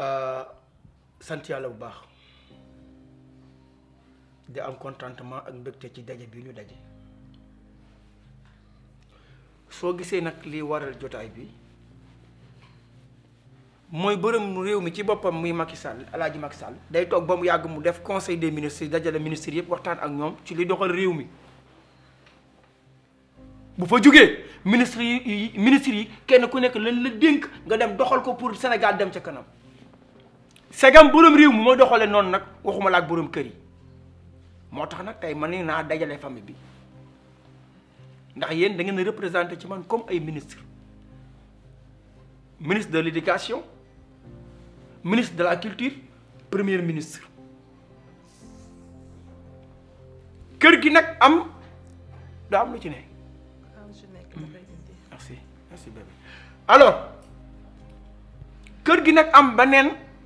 Euh, sant yàlla bu baax de am contentement ak mbégte ci daje bi ñu daje soo gisee nag li waral jotaay bi mooy bërëm réew mi ci boppam muy Macky Sall Alaaji Macky Sall day toog ba mu yàgg mu def conseil des ministres dajale ministres yëpp waxtaan ak ñoom ci li doxal réew mi bu fa jógee ministre yi ministres yi kenn ku nekk lan la dénk nga dem doxal ko pour senegal dem ca kanam segam borom réew mi ma doxale non nak, waxuma la ak borom kër yi nak tay nag tey man ni naa dajale famille bi ndax yéen da ngeen a représenté ci man comme ay ministre ministre de l'éducation ministre de la culture premier ministre kër gi am daa am lu ci merci merci bébé alors kër gi am banen.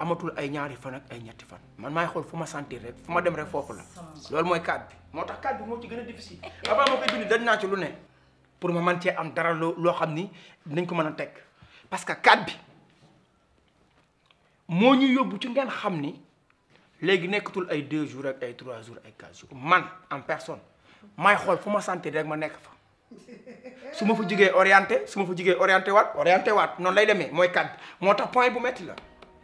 amatul ay ñaari fan ak ay ñetti fan man may xol fuma sentir rek fuma dem rek fofu la lool moy cadre bi moo cadre bi moo ci gëna difficile avant moo koy bind dañ na ci lu ne pour ma man ci am dara lo lo xamni dañ ko mëna tek parce que cadre bi mo ñu yobbu ci ngeen xamni légui léegi nekkatul ay 2 jours ak ay 3 jours ay 4 jours man en personne may xol fuma sentir rek ma nekk fa suma ma fa jigee orienté suma ma fa jigee orienté wat orienté wat non lay démé moy cadre motax point bu metti la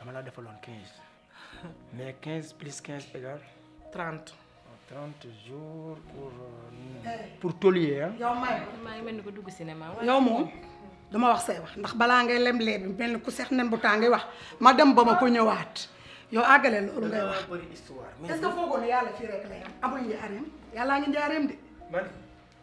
dama la defaloon 15 mais 15 plus 15 égale 30. 30 jours pour pour tôlier ah. yow may maa ngi mel ni ko dugg cinéma. yow moom duma wax say wax ndax balaa ngay lem lee bi mel ni ku seex nen bu taa ngay wax ma dem ba ma ko ñëwaat yow àggale loolu ngay wax. est-ce que foogoon yàlla fii rek lay am amul njaareem yàllaa ngi njaareem de.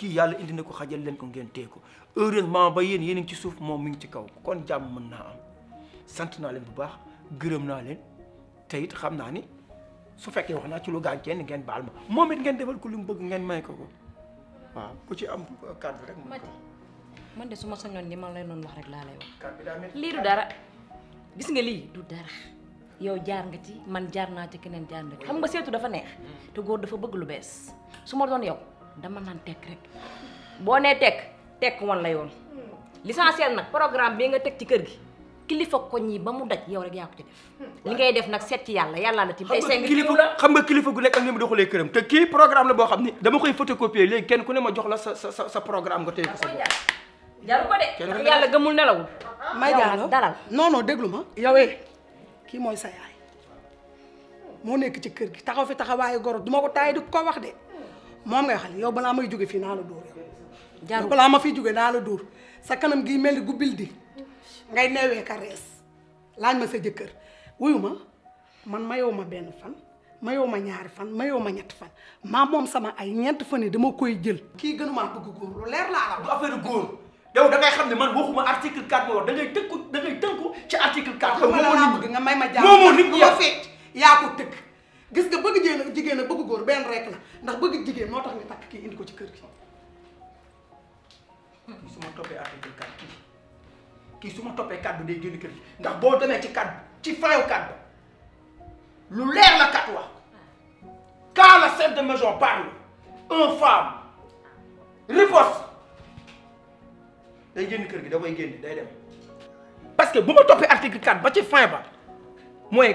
kii yàlla indi na ko xajal leen ko ngeen yeni ko heureusement ba yéen yéen a ngi ci suuf moom mi ngi ci kaw kon jàmm mën naa am sant naa leen bu baax gërëm naa xam ni su wax ci lu ngeen ma ngeen defal ko lu bëgg ngeen may ko ko waaw ku ci am kàddu rek. mën man de su ma sañoon ni ma lay noonu wax rek laa lay wax. lii du dara gis nga lii du dara. yow jaar nga ci man jaar naa ci keneen jaar nga xam nga dafa neex mm. te dafa bëgg lu su ma doon yow dama naan tekk rek boo nee tekk tekk woon la yoon hmm. l'essentiel nag programme bi nga teg ci kër gi kilifa koñ yi ba mu daj yow rek yaa ko ci def hmm. li ngay def nag seet ci yàlla yàlla la tim ay seng kilifa la xam nga kilifa gu nekk ak ni mu doxalee këram te kii programme la boo xam dama koy photocopier léegi kenn ku ne ma jox la sa sa sa programme nga téye ko sa bopp jaru ko de yàlla gëmul nelawul may jaalo dalal non non déglu ma yowee eh, kii sa yaay moo nekk ci kër gi taxaw fi taxawaayu goro duma ko taay di ko wax de mom ngay xal yow je may jóge fi na la door yow ma fi jóge na la door sa kanam gi mel ngay ka res lañ ma sa jëkkeur man mayoo ma fan ma fan ma ñett fan m'a mom sama ay ñett fan dama koy jël bëgg lu leer la affaire yow da ngay man waxuma article 4 mo da ngay tekk da ngay ci article 4 mo nga may ma gis nga bëgg jigéen ak jigéen ak bëgg góor benn rek la ndax bëgg jigéen moo tax nga takk kii indi ko ci kër gi kii su ma toppee article quatre kii kii su ma toppee kàddu day génn kër gi ndax boo demee ci kàddu ci fayu kàddu lu leer la kat wax quand la chef de maison parle un femme riposte day génn kër gi da koy génn day dem parce que bu ma toppee article quatre ba ci fin ba mooy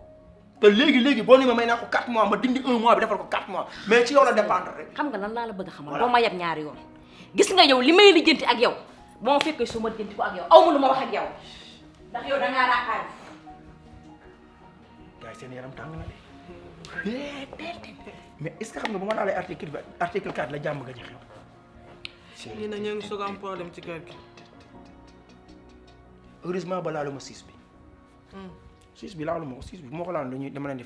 te léegi léegi boo ne ma may naa 4 mois ma dindi 1 mois bi defal ko 4 mois mais ci yow la dépendre rek. xam nga nan laa la bëgg a xamal ma yeb ñaari yoon. gis nga yow li may ak yow boo ma fekkee su ma ko ak yow aw ma wax ak yow ndax yow da ngaa raakaar. gars seen yaram tàng na de mais est ce xam nga bu ma article article 4 la am problème ci kër gi. heureusement ba 6 bi. siis bi laaluma je bi bu ma ko laaloon dama len di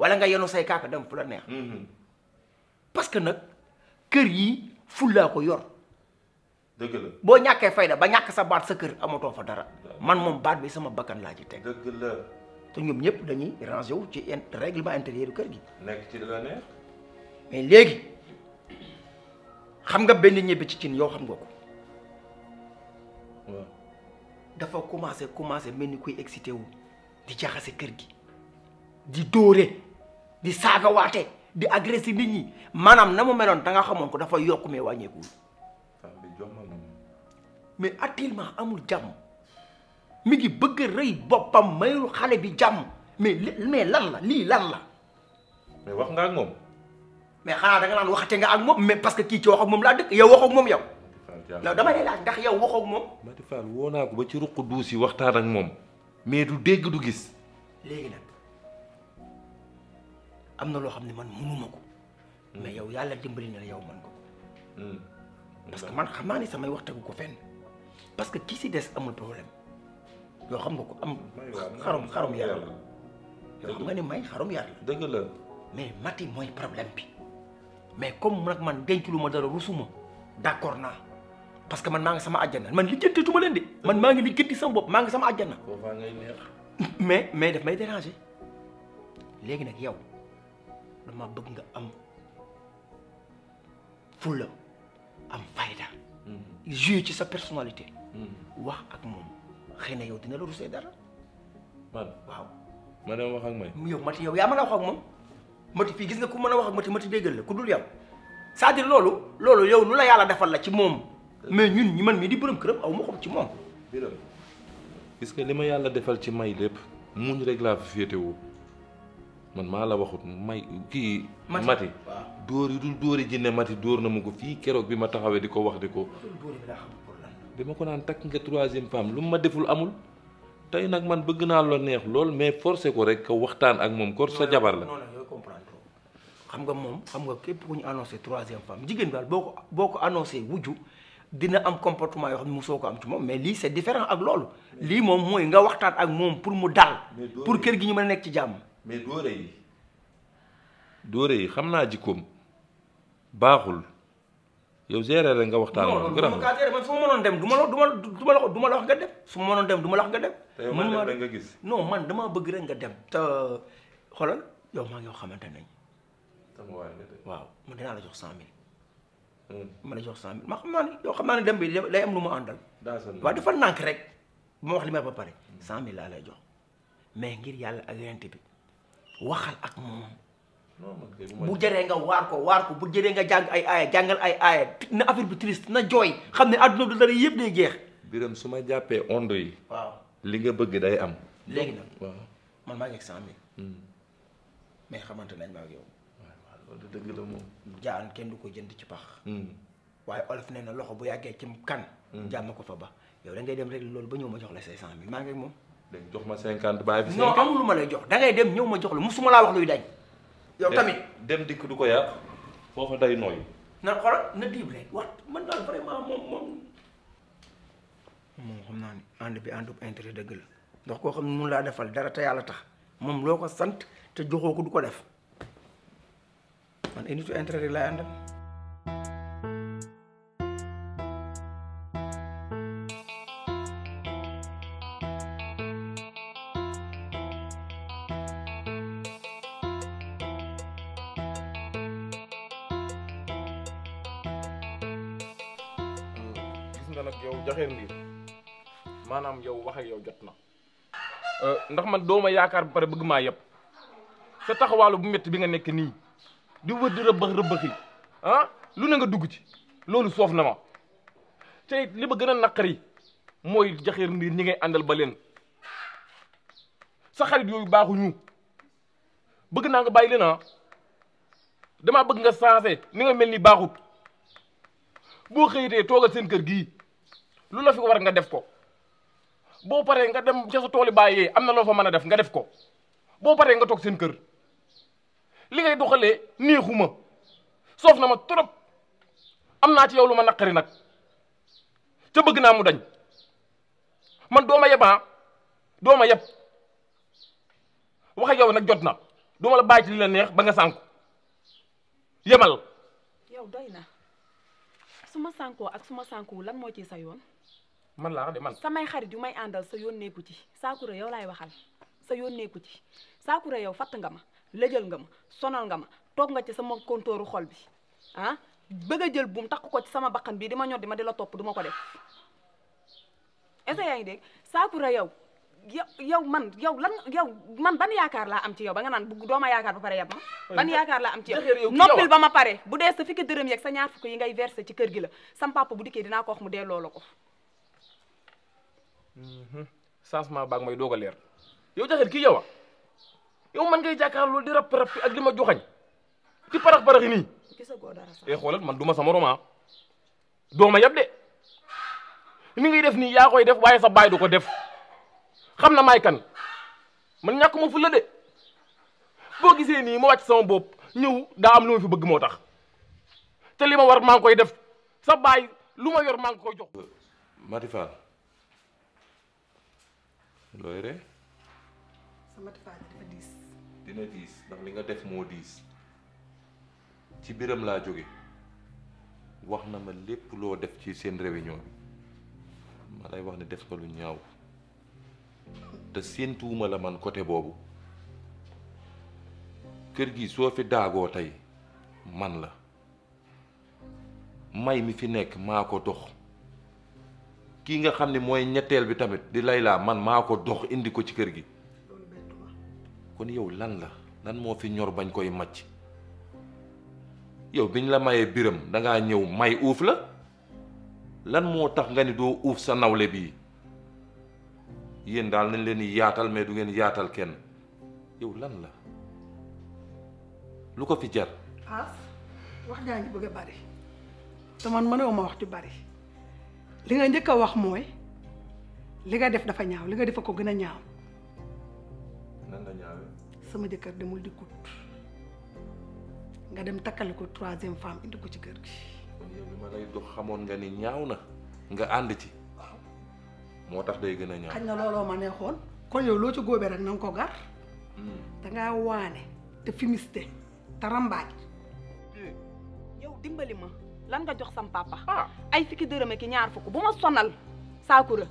wala nga say kaka dem fu la mhm. parce que nak ne yi pas. ko yor deug la bo ñaké fayda ba ñak sa baat sa keur amoto fa dara man mom baat bi sama bakkan la ci teg deug la te ñoom ñep dañuy ranger wu ci règlement intérieur keur gi nek ci la neex mais légui xam nga benn ñebe ci cin yow xam nga ko dafa commencé commencé mel kuy exciter wu di jaxase keur gi di doré di waté di agressé nit ñi manam namu mu da nga xamoon ko dafa yokk mais wàññeekuwul. mais actuellement amul jàmm mi ngi bëgg reuy bopam boppam mayul xale bi jàmm mais mais lan la li lan la. mais wax nga ak mom mais xana da nga nan waxate nga ak mom mais parce que ki ci wax ak mom la dëkk yow wax ak mom yow. law dama lay laaj ndax yow wax ak mom ma Fall woo naa ko ba ci ruq duus waxtaan ak mom mais du dégg du gis. légui nag amna lo loo man mënumako hmm. mais yow yalla dimbali na yow man ko hmm. parce que man xamani ni samay wax ko fenn parce que kii ci des amul problème yo xam nga ko am xarum xarum yar la yoo xam nga ni may xarum yar la la mais Mati moy problème bi mais comme nak man denc lu ma dara rusuma d'accord na parce que man ma nga sama aljana man lijjanteetuma len de man nga li lijjanti sama bopp ma nga sama neex mais mais daf may déranger légui nak yow je bëgg nga am fulla am mm-hmm. sa personnalité mm-hmm. wax ak moom yow dina la rusee dara man waaw ma dama wax ak may yow mati yow yaa a wax ak mati fii gis nga ku a wax ak mati mati déggal la ku dul yow c'est-à-dire yow la la mais ñun ñi man mii di aw ma man maa la may kii. mati dóor yi mati dóor na ma wax ko nga troisième femme lu ma deful amul. tey nag man bëgg naa la neex mais forcé ko rek waxtaan ak moom kor sa jabar la. troisième femme dina am comportement yoo xam ne am ci mais lii c'est différent ak loolu. lii moom nga ak pour mu pour kër gi ñu mais dóore yi dóore yi xam naa jikkoom baaxul yow gérer rek nga waxtaan. non non man fu ma ma la du ma la wax nga dem fu ma mënoon dem du la wax nga dem. te yow man dem nga gis. non man damaa bëgg rek nga dem. te xoolal yow maa ngi yow xamante nañ. waaw man dinaa la jox cent mille. Hmm. ma la jox cent mille ma xam naa ne yow xam naa ne dem bi day am lu mu àndal. waaw dafa nànk rek bu ma wax li may ba pare. cent mille laa lay jox mais ngir yàlla ak yonent bi. waxal ak moom bu jëree nga waar ko waar ko bu jëree nga jàng ay aaya jàngal ay aaya na affaire bi triste na jooy xam ne adduna bi dara yëpp day jeex biram su ma jàppee ondo yi waaw li nga bëgg day am léegi nag man maa ngi ak cent hmm. xamante nañ ma yow loolu dëgg la moom jaan kenn du ko jënd ci pax hmm. waaye olof nee na loxo bu yàggee ci kan hmm. jàmm ko ba yow da ngay dem rek loolu ba ñëw ma jox la say cent maa ngi moom dañ jox ma cinquante bàyyi fi. non amul lu ma lay jox da ngay dem ñëw ma jox la musuma laa wax luy dañ. yow tamit dem dikk du ko yàq foofa day nooy. na xoolal na diib rek wax man daal vraiment moom moom. moom xam naa ne ànd bi àndub intérêt dëgg la ndax koo xam ne mun laa defal dara te yàlla tax moom loo ko sant te joxoo ko du ko def man indi tu intérêt rek laay àndal. man doo ma yaakaar ba pare bëgg maa yëpp sa taxawaalu bu métti bi nga nekk nii di wër di rëbëx rëbëxi ah lu ne nga dugg ci loolu soof na ma te li ma gën a naqari mooy jaxeer ndiir ñi ngay àndal ba leen sa xarit yooyu baaxuñu bëgg naa nga bàyyi leen ah damaa bëgg nga changé ni nga mel ni baaxut boo xëyitee toogal seen kër gii lu la fi war nga def ko boo paree nga dem ca sa tooli bàyyee am na loo fa mën a def nga def ko boo paree nga toog seen kër li ngay doxalee neexuma soof na ma trop am naa ci yow lu ma naqari nag te bëgg naa mu dañ man doo ma yebaa ah. doo ma yeb wax ak nag jot na du ma la bàyyi ci li la neex ba nga sànku yemal. yow doy na su ma sànkoo ak su ma sànkuwul lan moo ciy sa yoon. man laa wax de man. samay xarit yu may àndal sa yoon nekku ci Saakura yow laay waxal sa yoon nekku ci Saakura yow fatt nga ma lëjal nga ma sonal nga ma toog nga ci sama kontooru xol bi ah bëgg a jël buum takk ko ci sama bakkan bii di ma ñor di ma di la topp du ma ko def est-ce que yaa yow yow man yow lan yow man ban yaakaar laa am ci yow ba nga naan bu dooma yaakaar ba pare yab ma ban yaakaar laa am ci yow noppil ba ma pare bu dee sa fukki dërëm yeeg sa ñaar fukk yi ngay versé ci kër gi la sam papa bu dikkee dinaa ko wax mu delloo la ko Mhm. changement baag may doog a leer yow jaxet ki yow ah? yow man ngay jàkkaarloo di rap rap ak li ma joxañ di parax parax yi nii. gisagoo dara eh, man du ma sama roman ah. dooma yab de ni ngay def nii yaa koy def waaye sa baay du ko def xam na maay kan man ñàkk ma fulla de boo gisee nii ma wàcc sama bopp ñëw daa am lu fi bëgg moo tax te li ma war maa ngi koy def sa baay lu ma yor maa ngi koy jox. Mati Fall looy ree sama dina diis ndax li nga def moo diis ci biram laa jóge wax na ma lépp loo def ci seen réunion bi ma lay wax ne def nga lu ñaaw te séentuwuma la man côté boobu kër gi soo fi daagoo tey man la may mi fi nekk maa ko dox kii nga xam ne mooy ñetteel bi tamit di lay laa man maa ko dox indi ko ci kër gi kon yow lan la lan moo fi ñor bañ koy macc yow biñ la mayee biram dangaa ñëw may uuf la lan moo tax nga ni doo uuf sa nawle bii yéen daal nañ leen di yaatal mais du ngeen yaatal kenn yow lan la lu ko fi jar. ah wax daa wax di bari. li nga njëkk wax mooy li nga def dafa ñaaw li nga defa ko gën a ñaaw. nan la ñaawee. sama jëkkër demul di kut nga dem takkale ko troisième femme indi ko ci kër gi. yow li ma lay dox xamoon nga ni ñaaw na nga ànd ci. moo tax day gën a ñaaw. xañ na looloo ma neexoon kon yow loo ci góobee rek na nga ko gar. Hmm. dangaa waane te fumiste te rambaaj. yow dimbali ma. lan nga jox sam papa. Ah. ay fukki dërëm ki ñaar fukk bu ma sonal saakura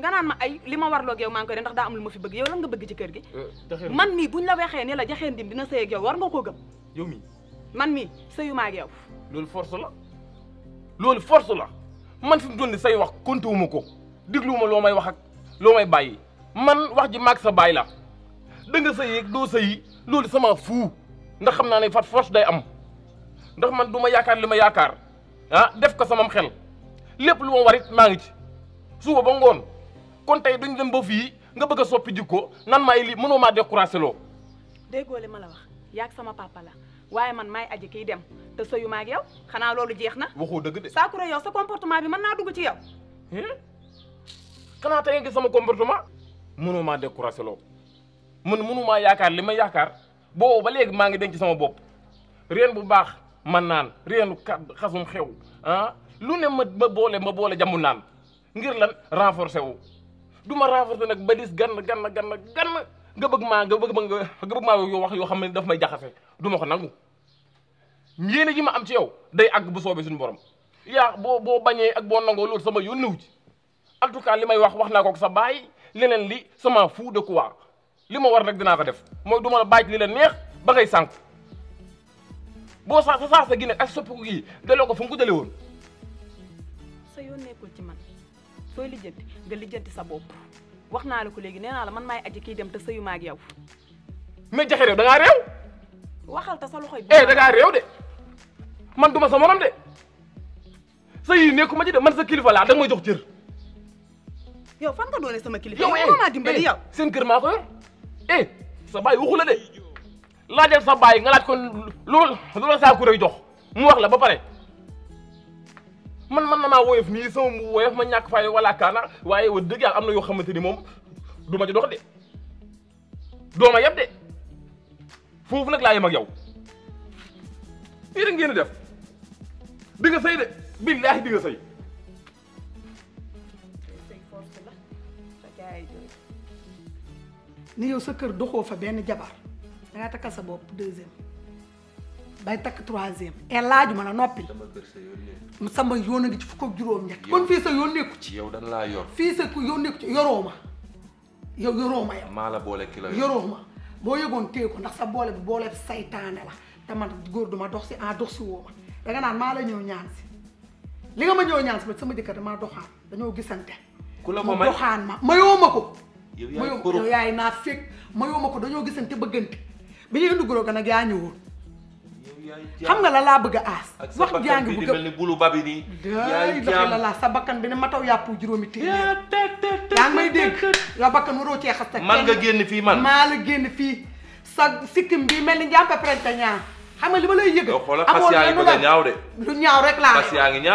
nga naan ma ay li ma war yow maa ngi koy def ndax daa am lu ma fi bëgg yow lan nga bëgg ci kër gi. Eh, man mii buñ la waxee ni la jaxeen dim dina sëy ak yow war nga koo gëm. yow mii man mii sëyuma maa yow. loolu force la loolu force la man fi mu doon say wax compté wu ma ko dégluwuma loo may waxak loo may bàyyi man wax ji maag sa baay la da nga sëy ak doo sëyi loolu sama fuu ndax xam naa ne fat force day am. ndax man du ma yaakaar li ma yaakaar ah def ko samam xel lépp lu ma war it maa ngi ci suba ba ngoon kon tey duñ dem ba fii nga bëgg a soppi jikko nan maay li mënoo maa découragé loo. déggoo li ma la wax yaak sama papala waaye man maay aj kiy dem te sëyu ma ak yow xanaa loolu jeex na. waxoo dëgg de Sakura yow sa comportement bi mën naa dugg ci yow. xanaa tey nga gis sama comportement mënoo maa découragé mën man mënumaa yaakaar li ma yaakaar boo ba léegi maa ngi denc sama bopp bu baax. ma naan reenu kàdd xasum xew ah lu ne ma ma boole ma boole jamu naan ngir lan renforcer wu du ma renforcer nag ba dis gann gann gann gann nga bëgg maa nga bëgg ma nga bëgg maa yoo wax yoo xam ne daf may jaxase du ma ko nangu yéene ji ma am ci yow day àgg bu soobee suñu borom yaa boo boo bañee ak boo nangoo loolu sama yónni wu ci en tout cas li may wax wax naa ko sa baay leneen li sama fou de quoi li ma war rek dinaa ko def mooy du ma la bàyyi li la neex ba ngay sànq boo sa sa saasa gi nag ak soppiku gi delloo ko fa mu ko dalee woon. sa yoon nekkul ci man sooy lijjanti nga lijjanti sa bopp wax naa la ko léegi nee naa la man maay aji kii dem te sëyu ma ak yow. mais jaxe réew da ngaa réew. waxal te sa loxoy bi. eh da ngaa réew de man duma sa morom de sa yi nekkuma ci de man sa kilifa laa danga may jox cër. yow fan nga doone sama kilifa. yow eh yow seen kër maa ko yor eh sa baay waxu la de. laajal sa baay nga laaj ko lu lu la saako rek jox mu wax la ba pare man man na maa woyof nii sama mu woyof ma ñàkk fay wala kaana waaye wa dëgg yàlla am na yoo xamante ni moom du ma dox de doo yeb de foofu nag laa yem ak yow fii rek ngeen di def di nga sëy de billaahi di sëy ni yow sa kër doxoo fa benn jabar Rata Kasabo, tá por exemplo. Baita troisième. El Hadj ma la noppil. sama yoon ngi ci fukk ak juróom que kon fii sa yoon nekku ci. yow dan eu yor. fii sa yoon nekku ci yoroo ma. yow yoroo ma yow. maa la boole ki la yor yoroo ma. boo yëgoon téye ko ndax sa boole bi boole bi saytaane la te man góor duma dox si en dox si woo ma danga naan maa la ñëw ñaan si li nga ma ñëw ñaan si sama jëkkër damaa doxaan dañoo gisante. ku la doxaan ma mayoo ko. yow yaay naa fekk mayoo ko dañoo gisante bëggante. bi ñuy indi golo ka nag yaa ñëwul. xam nga la laa bëgg a wax jaa ngi bëgg a bulu babi nii. ya ngi jàmm la laa sa bakkan bi ne ma Ya yàpp juróomi téeméer. ya ngi may ya la bakkan waroo cee xas. man nga génn fii man maa la génn fii. sa sikkim bi mel ni njàmpe prente ñaar xam nga li ma lay yëg. amoo lenn la ñaaw de. lu ñaaw rek laa la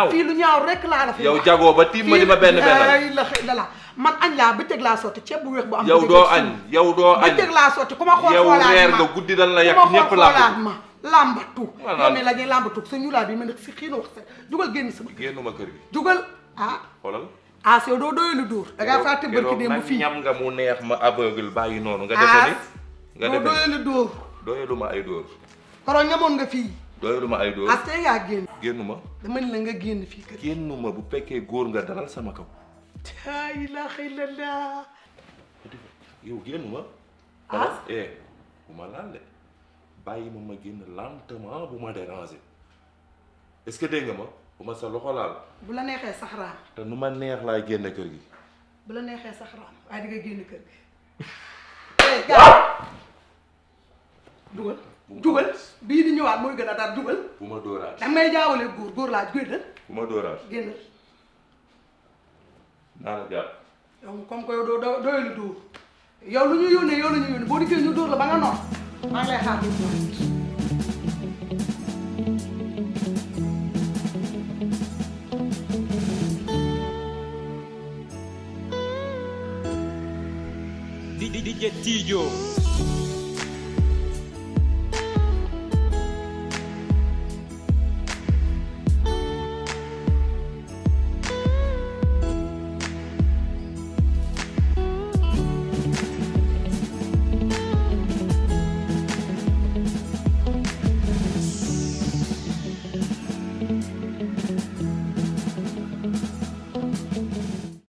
fii lu ñaaw rek laa la fi. yow jagoo ba Ya ma di ma benn benn la man añ laa bëccëg laa sotti ceeb bu wéex bu am yow doo añ yow doo añ bëccëg laa lama. ku ma xool xoolaat yow reer nga guddi dan la yàq ñëpp laa ma lambatu yow ne la ñuy lambatu sa bi ma nekk si wax sa jugal sama kër ah xoolal ah yow doo doylu dóor da ngaa fàtte barki démb fii ñam nga mu neex ma aveugle bàyyi noonu nga ah, defe ni nga defe doo doylu dóor doylu ma ay dóor koro ñamoon nga fii doylu ma ay dóor ah, dama la nga kër bu nga dalal sama kaw laa la illallaah yow génn ma ah eh, bu ma laal de bàyyi ma ma génn lentement bu ma déranger est-ce que dégg ma bu ma sa loxo laal bu la neexee sax te nu ma neex laay génn kër gi bu la neexee sax raam waaye di nga génn kër gi eh, dugal dugal bii di ñëwaat mooy gën a dara dugal bu ma dóoraat danga may jaawale góor góor laa génnal bu ma dóoraat daanaka jàpp. yow comme que yow doo doo doyul yow lu ñu yow la ñu yónnee boo dikkee ñu dóor la ba nga